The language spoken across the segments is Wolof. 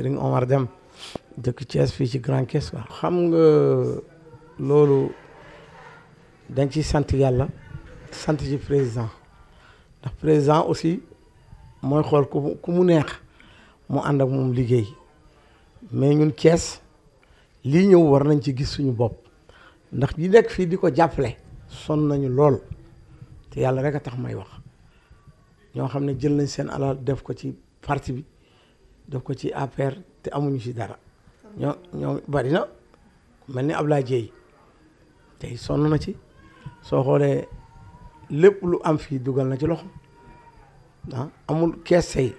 Serigne Omar Dem dëkk Thiès fii ci Grand Thiès quoi. xam nga loolu dañ ciy sant yàlla sant ci président ndax président aussi mooy xool ku ku mu neex mu ànd ak moom liggéey mais ñun Thiès lii ñëw war nañ ci gis suñu bopp ndax jii nekk fii di ko jàppale sonn nañu lool te yàlla rek a tax may wax ñoo xam ne jël nañ seen alal def ko ci parti bi def ko ci APR te amuñu ci dara ñoo ñoo bari na mel ni Ablaye Dieye tey sonn na ci soo xoolee lépp lu am fii dugal na ci loxo ah amul kees tey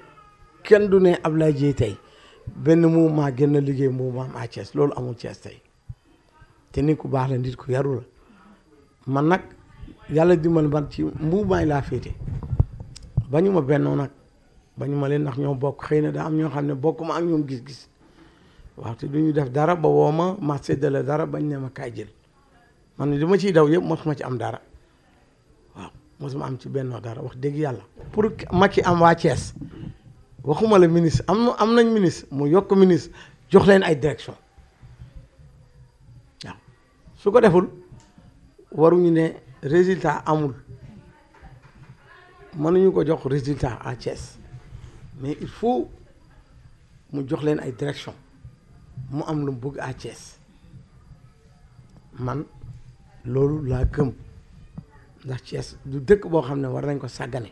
kenn du ne Ablaye Dieye tey benn mu gën a liggéey mouvement am à Thiès loolu amul Thiès tey te nit ku baax la nit ku yarul la man nag yàlla dimbal ban ci mouvement yi laa féete bañu ma bennoo bañ ma leen ndax ñoo bokk xëy na daa am ñoo xam ne bokk ma ak ñoom gis-gis waaw te du ñu def dara ba woo ma ma séddale dara bañ ne ma kaay jël man li ma ciy daw yëpp ma ci am dara waaw mosuma am ci benn dara wax dëgg yàlla. pour Macky am waa Thiès waxuma la ministre am am nañ ministre mu yokk ministre jox leen ay direction waaw su ko deful waruñu ne résultat amul mën nañu ko jox résultat à Thiès. mais il faut mu jox leen ay direction mu am lu mu bëgg à Thiès man loolu laa këm ndax Thiès du dëkk boo xam ne war nañ ko sàggane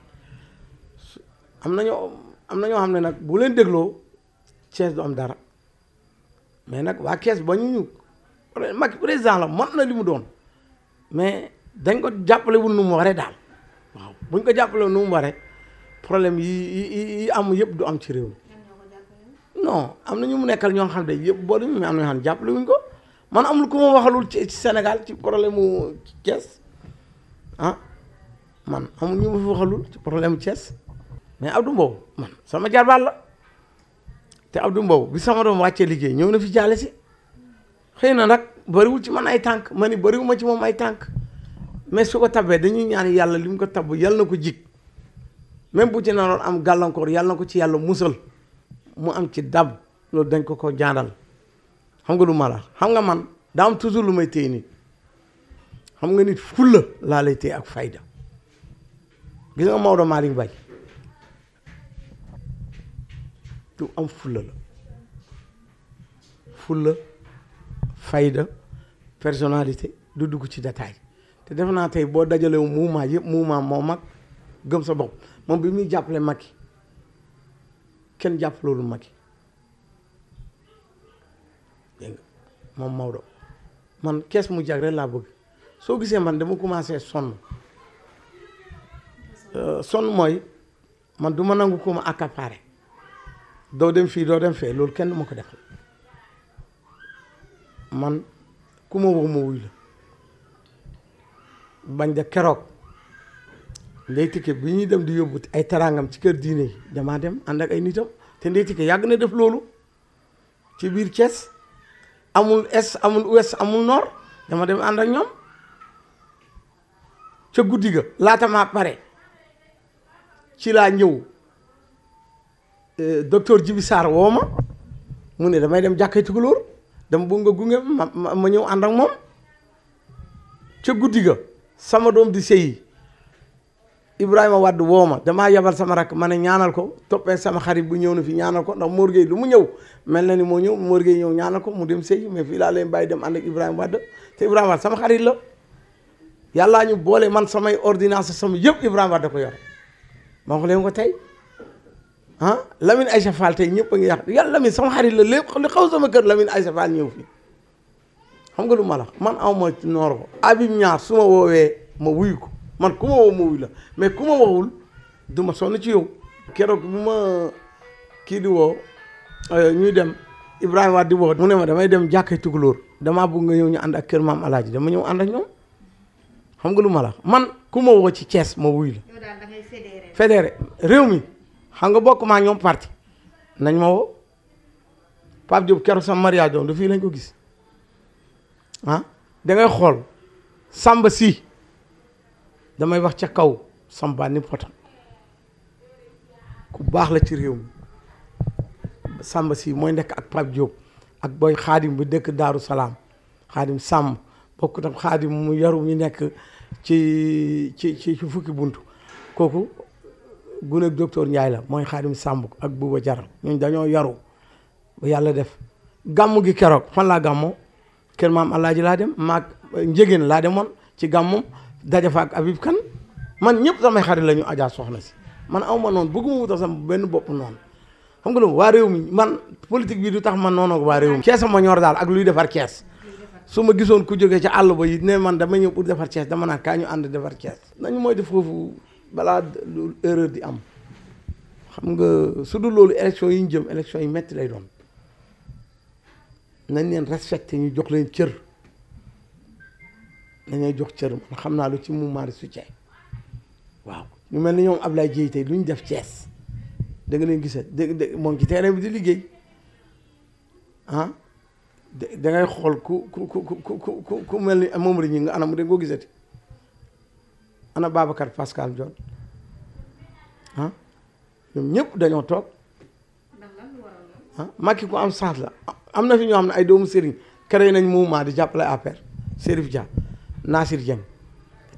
am na ñoo am na ñoo xam ne nag bu leen dégloo Thiès du am dara mais nag waa Thiès ba ñu ñu Macky président la mën na li mu doon mais dañ ko jàppale wu nu mu waree daal bu buñ ko jàppale nu mu waree problème yi yi am yëpp du am ci réew mi non am na ñu mu nekkal ñoo xam ne yëpp boo demee am na ñoo xam ne jàppale wuñ ko man amul ku ma waxalul ci Sénégal ci problème mu Thiès ah, man amul ñu ma ci problème mu Thiès mais Abdou Mbow man sama jarbaat la te Abdou Mbow bi sama doom wàccee liggéey ñëw na fi jaale si xëy na nag bëriwul ci man ay tànk ma bariwu ma ci moom ay tànk mais su ko tabee dañuy ñaan yàlla li mu ko tab yàlla na ko jig même bu ci naroon am gàllankoor yàlla ko ci yàlla musal mu am ci dab loolu dañ ko ko jaadal xam nga lu ma la xam nga man daa am toujours lu may téye nit xam nga nit fulla laa lay ak fayda gis nga Maodo Malick Baye du am fulla la fulla fayda personnalité du dugg ci dataay te def naa tey boo dajalee mouvement yëpp mouvement moo mag gëm sa bopp moom bi muy jàppale Macky kenn jàppalewul Macky dégg nga moom Maodo man kees mu jagre rek laa bëgg soo gisee man dama commencé sonn euh, sonn mooy man duma nangu ko ma accaparé doo dem fii doo dem fee loolu kenn du ko defal man ku ma woo ma wuy la bañ da keroog Ndeye Tické bi ñuy dem di yóbbu ay taraangam ci kër diine yi damaa dem ànd ay nitam te Ndeye Tické yàgg na def loolu ci biir Thiès amul est amul ouest amul nord dama dem ànd ak ñoom ca guddi ga laata maa pare ci laa ñëw euh, docteur Djibi Sarr woo ma mu ne damay dem jàkkee tukulóor dama bëgg nga ma ma ñëw ànd ak moom ca guddi ga sama doom di sëyi Ibrahima Wade woo ma damaa yabal sama rakk ma ne ko toppee sama xarit bu ñëw na fi ñaanal ko ndax Mor Gueye lu mu ñëw mel na ni moo ñëw Mor Gueye ñëw ñaanal ko mu dem sëy mais fii laa leen bàyyi dem ànd ak Ibrahima Wade te Ibrahima sama xarit la yàllaa ñu boole man samay ordonnance sama yëpp Ibrahima Wade da ko yor ma wax ko tey ah Lamine Aïcha tey ñëpp a ngi yàq yàlla Lamine sama xarit la lépp li xaw sama kër Lamine Aïcha Fall ñëw fii xam nga lu ma la man aw ma noor ko Habib woowee ma ko man ku ma woo ma wuyu la mais ku ma woowul du ma sonn ci yow keroog bu ma kii di woo euh, ñuy dem Ibrahima Wade di woo mu ne ma damay dem jàkkee tukulóor damaa bëgg nga ñëw ñu ànd ak kër maam alaaji dama ñëw ànd ak ñoom xam nga lu ma la man ku ma woo ci Thiès ma wuyu la. yow réew mi xam nga bokk maa ñoom parti nañ ma woo Pape Diop keroog sama mariage du fii lañ ko gis ah da ngay xool Samba si. damay wax ca kaw Samba ni potam ku baax la ci réew Samba si mooy nekk ak Pape Diop ak booy xaadim bu dëkk Daaru Salaam xaadim sàmm bokk tam xaadim mu yaru mi nekk ci ci ci fukki buntu kooku gune docteur njaay la mooy xaadim sàmm ak buuba jaral ñun dañoo yaru ba yàlla def gàmm gi keroog fan laa gàmmoo kër maam Alaaji laa dem maag njëgeen laa demoon ci gàmmum daja fa ak Habib man ñëpp samay xarit la ñu Adja soxna si man aw ma noonu bëgguma wutal sama benn bopp noonu xam nga loolu waa réew mi man politique bii du tax man noonu ak waa réew mi. Cees ma daal ak luy defar kees su ma gisoon ku jógee ca àll ba yi ne man damay ñëw pour defar Cees dama naan kaa ñu ànd defar Cees nañu mooy def foofu balaa lu erreur di am xam nga su dul loolu élection yi ñu jëm élection yi metti lay doon nañ leen respecté ñu jox leen cër. dañuy jox cër man xam naa lu ci mu mari soutien waaw ñu mel ni ñoom Ablaye Dieye tey lu ñu def Thiès da nga leen gisal dégg dégg moo ngi ci bi di liggéey ah da ngay xool ku ku ku ku mel ni moom la ñu nga anam da ko gisati ana Babacar Pascal John ah ñoom ñëpp dañoo toog ah Macky ku am sax la am na fi ñoo xam ne ay doomu Serigne créé nañ mouvement di jàppale APR Serif Dia Nasir Dieng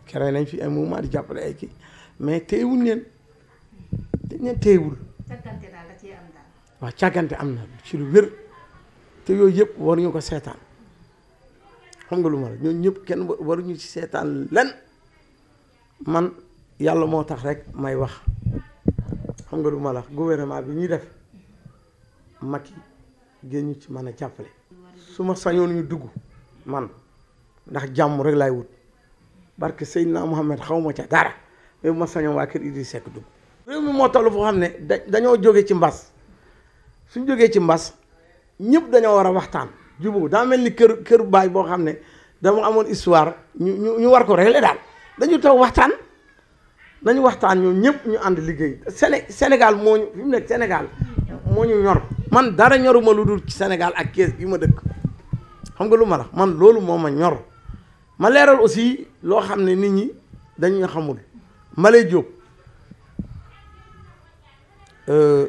kere nañ fi ay mouvement di jàppale ay kii mais téyewuñ leen dañ leen téyewul waaw càggante am na ci lu wér te yooyu yëpp waruñu ko seetaan xam nga lu ñëpp kenn waruñu ci seetaan len man yàlla moo tax rek may wax xam nga lu ma la gouvernement bi ñuy def Macky génn ñu ci mën a jàppale su ma sañoon ñu dugg man ndax jàmm rek laay wut barke Seydina Mohamed xaw ma ca dara mais ma sañoon waa kër Idrissa Seck dugg. réew moo toll foo xam ne da dañoo jóge ci mbas suñ jógee ci mbas ñëpp dañoo war a waxtaan jubóo daa mel ni kër kër baay boo xam ne dama amoon histoire ñu ñu ñu war ko régler daal dañu taw waxtaan dañu waxtaan ñoom ñëpp ñu ànd liggéey Séné Sénégal moo ñu fi mu nekk Sénégal moo ñu ñor man dara ñoruma lu dul ci Sénégal ak kees yi ma dëkk xam nga lu ma la man loolu moo ma ñor. ma leeral aussi loo xam ne nit ñi dañu xamul Maleye euh, Diop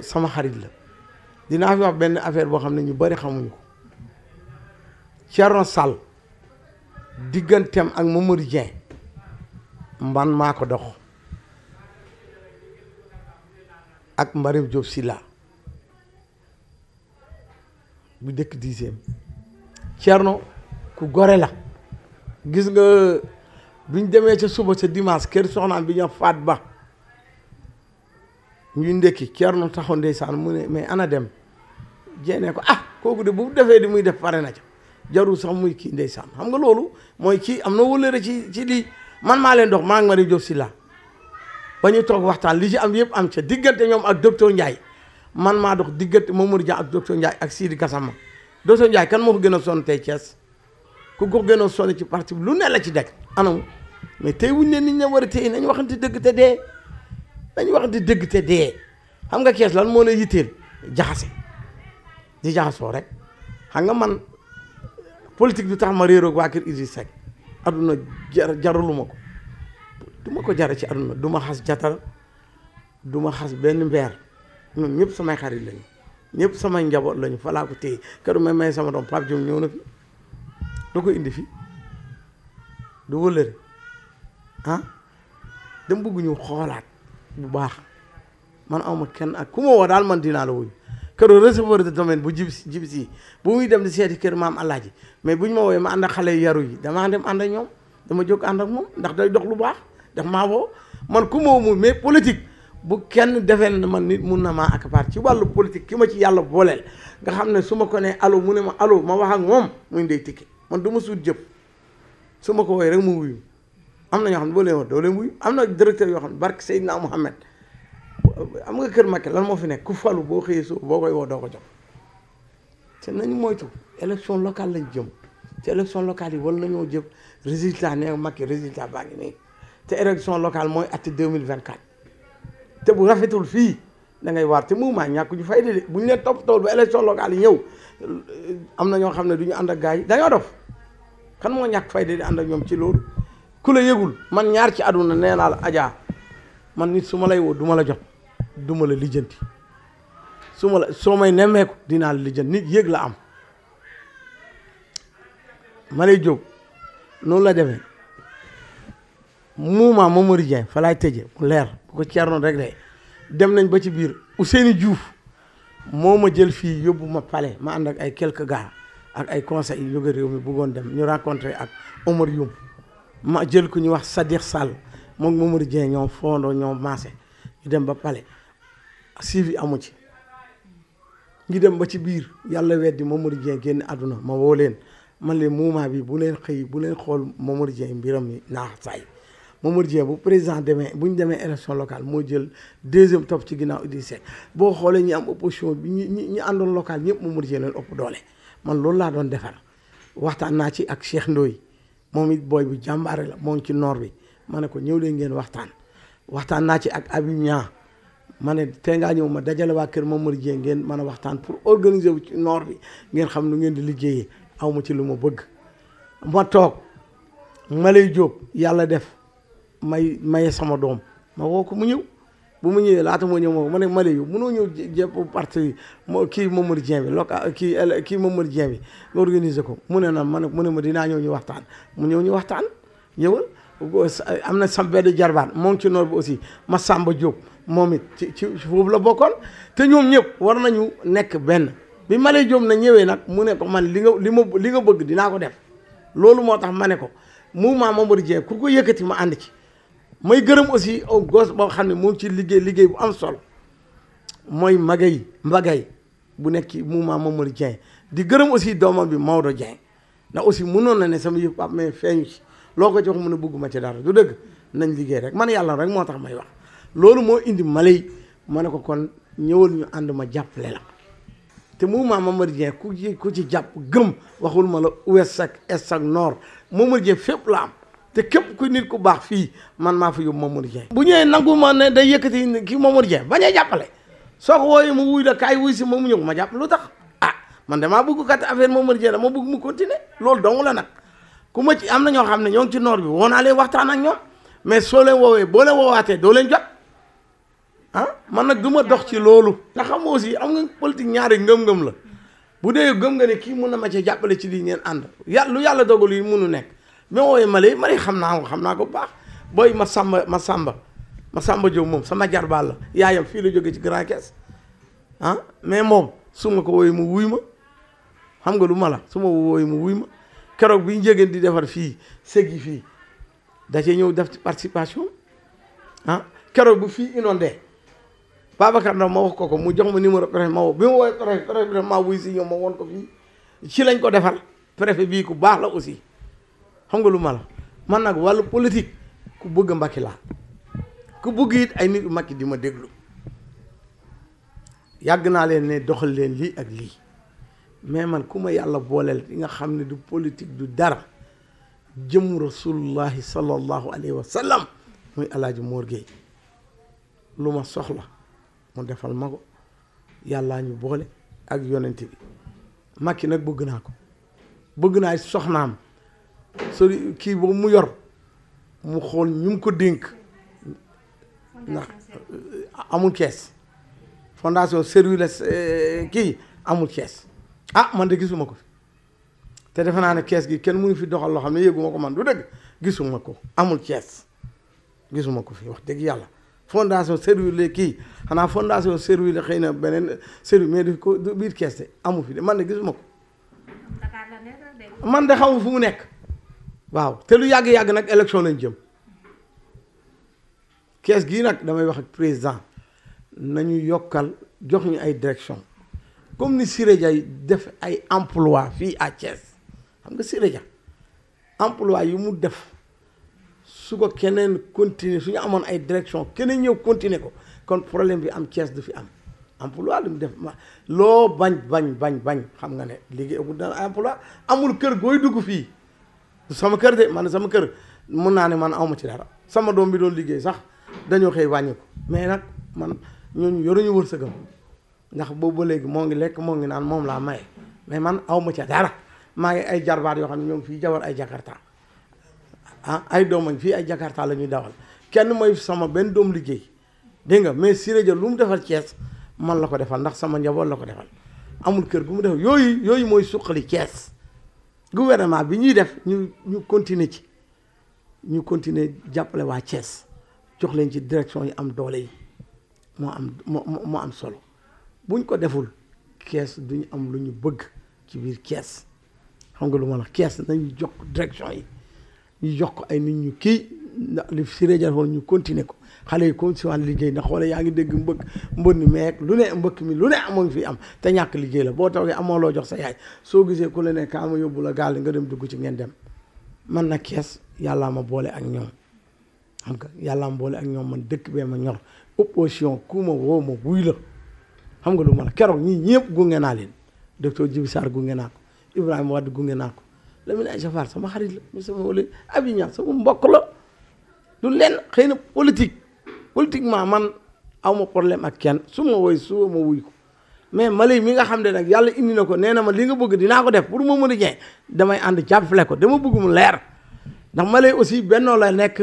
sama xarit la dinaa fi wax benn affaire boo xam ne ñu bari xamuñu ko Thierno Sall diggantem ak Mamadou Dieng man maa ko dox ak Mbarim Diop Silla bu dëkk dixième Thierno ku gore la gis nga duñ demee ca suba ca dimanche kër soxnaam bi ñoo faat ba ñu ndekki Thierno taxaw ndeysaan mu ne mais ana dem jéene ko ah kooku de bu defee di muy def pare na ca jarul sax muy kii ndey ndeysaan xam nga loolu mooy kii am na wëllëre ci ci lii man maa leen dox maa ngi Marie Diop Sylla ba ñu toog waxtaan li ji am yëpp am ca diggante ñoom ak docteur Ndiaye man maa dox diggante Mamour Dia ak docteur Ndiaye ak Sidi Kassama docteur Ndiaye kan moo ko gën a sonn tey Thiès ku ko gënoon sonn ci parti bi lu ne la ci dekk anam mais tey wuñ ne niñ ña war a téye nañ waxante dëgg te dee nañ waxante dëgg te dee xam nga kees lan moo lay yitteel jaxase di jaxasoo rek xam nga man politique du tax ma réeroog waa kër Idriss Seck aduna jar jaruluma ko du ma ko jara ci aduna du ma xas jatal du ma xas benn mbeer ñoom ñëpp samay xarit lañu ñëpp samay njaboot lañu falaa ko téye kër may may sama doom Pape Diop ñëw na doo ko indi fi du wëllëre ah dama bëgg ñu xoolaat bu baax man awma kenn ak ku ma woo daal man dinaa la wuyu këru receveur de domaine bu jib si jib si bu muy dem di seeti kër maam Alaaji mais buñ ma woowee ma ànd ak xale yaru yi damaa dem ànd ak ñoom dama jog ànd ak moom ndax day dox lu baax daf maa woo man ku ma woo mais politique bu kenn defee ne man nit mun na maa accaparer ci wàllu politique ki ma ci yàlla booleel nga xam ne su ma ko nee alo mu ne ma alo ma wax ak moom muy ndey tikki man du ma suut jëpp su ma ko woowee rek mu wuyu am na ñoo xam ne boo leen wax am na directeur yoo xam ne barke Seydina Mohamed am nga kër Macky lan moo fi nekk ku falu boo xëyee suuf boo koy woo doo ko jox te nañu moytu élection local lañ jëm te élection locale yi war nañoo jëf résultat nee Macky résultat baa ngi nii te élection locale mooy atti 2024 te bu rafetul fii da ngay waar te mouvement ñàkk ñu fay de bu ñu leen toppatoo ba élection locale yi ñëw am na ñoo xam ne du ñu ànd ak yi dañoo kan moo ñàkk fayda di ànd ak ñoom ci loolu ku la yëgul man ñaar ci àdduna nee naa ajaa man nit suma lay wo duma la jot du la lijjanti suma la soo may nemmeeku dinaa la lijjanti nit yëg la am ma lay jóg noonu la demee mouvement Mamadou Dieng fa laay tëje mu leer bu ko ceerno rek de dem nañ ba ci biir Ousseynou juuf moo ma jël fii yóbbu ma pale ma ànd ak ay quelques gars ak ay conseil yu jóge réew mi bëggoon dem ñu rencontré ak Omar ma jël ku ñu wax Sadikh Sall moom Mamadou Dieng ñoom fondoo ñoom maase ñu dem ba Palais suivi amu ci ñu dem ba ci biir yàlla weddi Mamadou Dieng génn àdduna ma woo leen man leen mouvement bi bu leen xëy bu leen xool Mamadou Dieng mbiram ni naax saay Mamadou Dieng bu président demee bu ñu demee élection locale moo jël deuxième topp ci ginnaaw Idrissa Seck boo xoolee ñi am opposition bi ñi ñi àndoon local ñëpp Mamadou Dieng leen ëpp doole man loolu laa doon defar waxtaan naa ci ak Cheikh Ndoye moom it booy bu jàmbaare la moom ci noor bi ma ne ko ñëw leen ngeen waxtaan waxtaan naa ci ak Habib ñaa ma ne tey ngaa ñëw ma dajale waa kër ma Dieng ngeen man a waxtaan pour organiser wu ci noor bi ngeen xam nu ngeen di liggéeyee aw ma ci lu ma bëgg ma toog ma lay jóob yàlla def may maye sama doom ma woo ko mu ñëw bu mu ñëwee laata moo ñëw moom ma ne Mali yu mënoo ñëw jëpp parti kii Mamadou Dieng bi local kii kii Mamadou Dieng bi nga ko mu ne na ma ne mu ne ma dinaa ñëw ñu waxtaan mu ñëw ñu waxtaan ñëwal am na sam benn jarbaan moo ngi ci noor bi aussi Massamba Diop moom it ci ci foofu la bokkoon te ñoom ñëpp war nañu nekk benn bi Mali Diop na ñëwee nag mu ne ko man li nga li ma li nga bëgg dinaa ko def loolu moo tax ma ne ko mouvement Mamadou Dieng ku ko yëkkati ma ànd ci mooy gërëm aussi au gos boo xam ne moo ngi ci liggéey liggéey bu am sol mooy magay mbagay bu nekk ci mouvement Mamadou Dieng di gërëm aussi dooma bi Maodo Dieng ndax aussi noon na ne sama yëpp am mais feeñu ci loo ko ci wax mën a bëgguma ci dara du dëgg nañ liggéey rek man yàlla rek moo tax may wax loolu moo indi malay ma ne ko kon ñëwal ñu ànd ma jàppale la te mouvement Mamadou Dieng ku ji ku ci jàpp gëm waxul ma la ouest ak est ak nord Mamadou la am te képp ku nit ku baax fii man maa fi yóbbu Mamadou Dieng bu ñëwee nangu ma ne day yëkkati kii Mamadou Dieng bañ a jàppale soo ko wooyee mu wuy la kaay wuy si ma mu ñëw ma jàpp lu tax ah man damaa bëgg kat affaire Mamadou Dieng dama bëgg mu continuer loolu dong la nag ku ma ci am na ñoo xam ne ñoo ngi ci noor bi woo naa leen waxtaan ak ñoom mais soo leen woowee boo leen woowaatee doo leen jot ah man na du ma dox ci loolu nga xam aussi am nga politique ñaari ngëm-ngëm la bu dee gëm nga ne kii mun na ma cee jàppale ci lii ngeen ànd yàlla yàlla dogal yi munu nekk même wooyee mala yi mala xam naa ko xam naa ko bu baax booy ma sàmba ma sàmba ma sàmba jow moom sama jarbaal la yaayam fii la jóge ci grand caisse ah mais moom su ma ko wooyee mu wuy ma xam nga lu ma la su ma wooyee mu wuy keroog bi ñu jégeen di defar fii seggi fii da cee ñëw def ci participation ah keroog bu fii inondé Babacar Ndaw ma wax ko ko mu jox ma numéro ma woo bi ma woowee préfet bi maa wuy si ma woon ko fii ci lañ ko defar préfet bii ku baax la aussi xam nga lu ma man nag wàllu politique ku bëgg Macky laa ku bëgg it ay nit Macky di ma déglu yàgg naa leen ne doxal leen lii ak lii mais man ku ma yàlla booleel di nga xam ne du politik du dara jëm rasulullahi sallallahu alayhi wa sallam muy alaaji Mor Gueye lu ma soxla mu defal ma yàlla ñu boole ak yonent bi Macky nag bëgg naa ko bëgg naa soxnaam sori kii boobu mu yor mu xool ñu mu ko dénk ndax euh, amul kees fondation Servir euh, kii amul kees ah man de gisuma ko fi te defe naa ne kees gi kenn mu mënu fi doxal loo xam ne yëguma ko man du dëgg gisuma ko amul kees gisuma ko fi wax dëgg yàlla fondation Servir le kii xanaa fondation Servir le xëy na beneen euh, Servir mais du ko biir kees de amu fi de man de gisuma ko man de xamu fu nekk waaw te lu yàgg-yàgg nag élection lañ jëm kees gii nag damay wax ak président nañu yokkal jox ñu ay direction comme ni sire Dia def ay emploi fii à Thiès xam nga Siré Dia emploi yu mu def su ko keneen continuer su ñu amoon ay direction keneen ñëw continuer ko kon problème bi am Thiès du fi am emploi lu mu def ma loo bañ bañ bañ bañ xam nga ne liggéey amul dana emploi amul kër gooy dugg fii sama kër de man sama kër mun naa ne man awma ci dara sama doom bi doon liggéey sax dañoo xëy wàññiku mais nag man ñooñu yoruñu wërsëgam ndax boobu ba léegi moo ngi lekk moo ngi naan moom laa maye mais man awma ci dara maa ngi ay jarbaat yoo xam ne ñoom fii jawar ay jakarta ah ay doomañ fii ay jakarta la ñuy dawal kenn mooy sama benn doom liggéey dégg mais Siré Dia lu mu defal Thiès man la ko defal ndax sama njaboot la ko defal amul kër gu mu defal yooyu yooyu mooy suqali Thiès gouvernement bi ñuy def ñu ñu continuer ci ñu continuer jàppale waa Thiès jox leen ci direction yi am doole yi moo am moo moo am solo buñ ko deful Thiès duñu am lu ñu bëgg ci biir Thiès xam nga lu ma la Thiès nañu jox direction yi ñu jox ko ay nit ñu kii li si réjal woon ñu continuer ko xale yi kon si wàll liggéey ndax wala yaa ngi dégg mbëkk mbënn meeg lu ne mbëkk mi lu ne amoo ngi am te ñàkk liggéey la boo toogee amoo loo jox sa yaay soo gisee ku la ne kaa ma yóbbu la gaal nga dem dugg ci ngeen dem man nag kees yàllaa ma boole ak ñoom xam nga yàllaa ma boole ak ñoom man dëkk bee ma ñor opposition ku ma la xam nga lu ma la keroog ñii ñëpp gunge naa leen docteur Djibi Sarr gunge naa ko Ibrahima Wade gunge naa ko Lamine Aïcha sama xarit la sama wala Abi Niang sama mbokk la du lenn xëy na politiquement man aw ma problème ak kenn su ma woy suba ma wuy ko mais male mi nga xam ne nag yàlla indi na ko nee na ma li nga bëgg dinaa ko def pour ma mën a jeex damay ànd jàppale ko dama bëgg mu leer ndax male aussi bennoo la nekk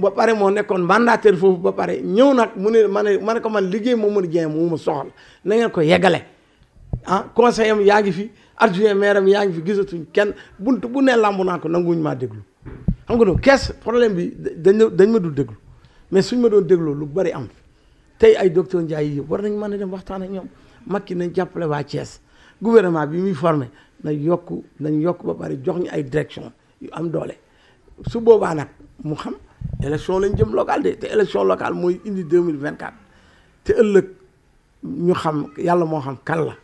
ba pare moo nekkoon mandataire foofu ba pare ñëw nag mu ne ma ne ma ko man liggéey moo mën a jeex mu ma soxal na ngeen ko yeggale ah conseil am yaa gi fi ar adjoint maire am yaa ngi fi gisatuñ kenn bunt bu ne lambu naa ko nanguwuñ maa déglu xam nga no problème bi dañ dañ ma déglu mais suñ ma doon dégloo lu bari am tey ay docteur Ndiaye yi war nañ mën a dem waxtaan ak ñoom Macky nañ jàppale waa Thiès gouvernement bi muy formé na yokk nañ yokk ba bari jox ñu ay direction yu am doole su boobaa nag mu xam élection lañ jëm locale de te élection locale mooy indi 2024 te ëllëg ñu xam yàlla moo xam kan la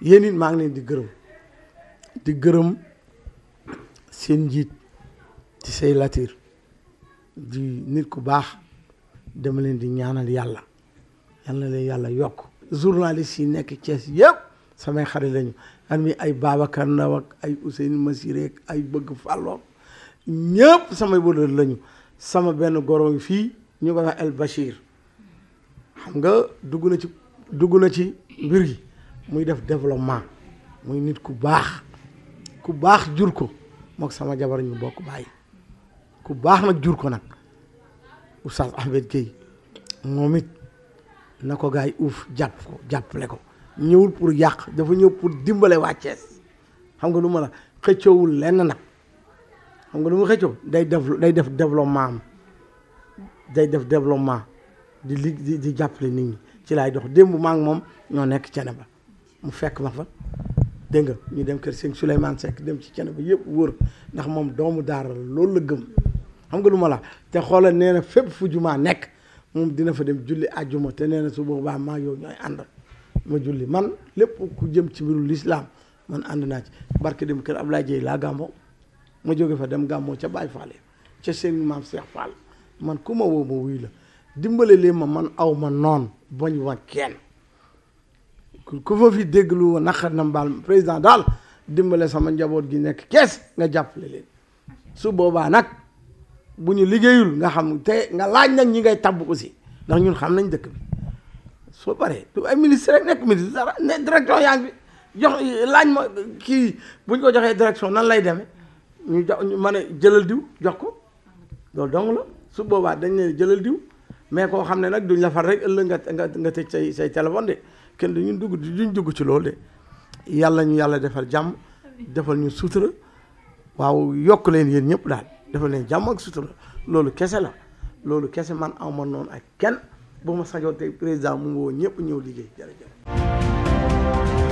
yéen it maa ngi leen di gërëm di gërëm seen njiit ci say latir di nit ku baax dama leen di ñaanal yàlla yal na leen yàlla yokk journaliste yi nekk cees yëpp samay xarit lañu am mi ay Babacar Ndaw ay Ousseynou Massiré ak ay Bëgg Falloo ñëpp samay wëlal lañu sama benn goro fii ñu ko wax El Bachir xam nga dugg na ci dugg na ci mbir gi muy def développement muy nit ku baax ku baax jur ko mook sama jabar ñu bokk bàyyi ku baax nag jur ko nag Oustaz Ahmed Gueye moom it na ko gars yi uuf jàpp ko jàppale ko ñëwul pour yàq dafa ñëw pour dimbale waa Thiès xam nga lu ma la xëccoowul lenn nag xam nga lu ma xëccoo day def day def développement am day def développement di li di jàppale nit ñi ci laay dox démb maa ngi moom ñoo nekk cene ba mu fekk ma fa dégg nga ñu dem kër sëñ Souleymane Seck dem ci cene ba yëpp wër ndax moom doomu daar loolu la gëm xam nga duma ma la te xoolal nee na fépp fu jumaa nekk moom dina fa dem julli àjjuma te nee na su boobaa maa yow ñooy ànd ma julli man lépp ku jëm ci biiru lislaam man ànd naa ci barke dem kër ab Ablaye Dieye laa gàmmo ma jóge fa dem gàmmoo ca Baye Fall ca seen maam Cheikh Fall man ku ma woo ma wuy la dimbale leen ma man aw ma noon bañ wa kenn ku fa fi dégglu naqar na mbaal président daal dimbale sama njaboot gi nekk kees nga jàppale leen su boobaa nag bu ñu liggéeyul nga xam te nga laaj nag ñi ngay tabb aussi ndax ñun xam nañ dëkk bi soo paree du ay ministre nekk ministre dara ne direction yaa ngi fi laaj ma kii bu ñu ko joxee direction nan lay demee ñu jox ñu mën jëlal diw jox ko loolu dong su boobaa dañ ne jëlal diw mais koo xam ne nag duñ la far rek ëllëg nga nga nga tëj say say téléphone de kenn duñu dugg duñ dugg ci loolu de yàlla ñu yàlla defal jàmm defal ñu sutura waaw yokk leen yéen ñëpp daal. dafa leen jàmm sutura loolu kese la loolu kese man aw ma noonu ak kenn boo ma sañoon tey président mu ngi woo ñëpp ñëw liggéey jërëjëf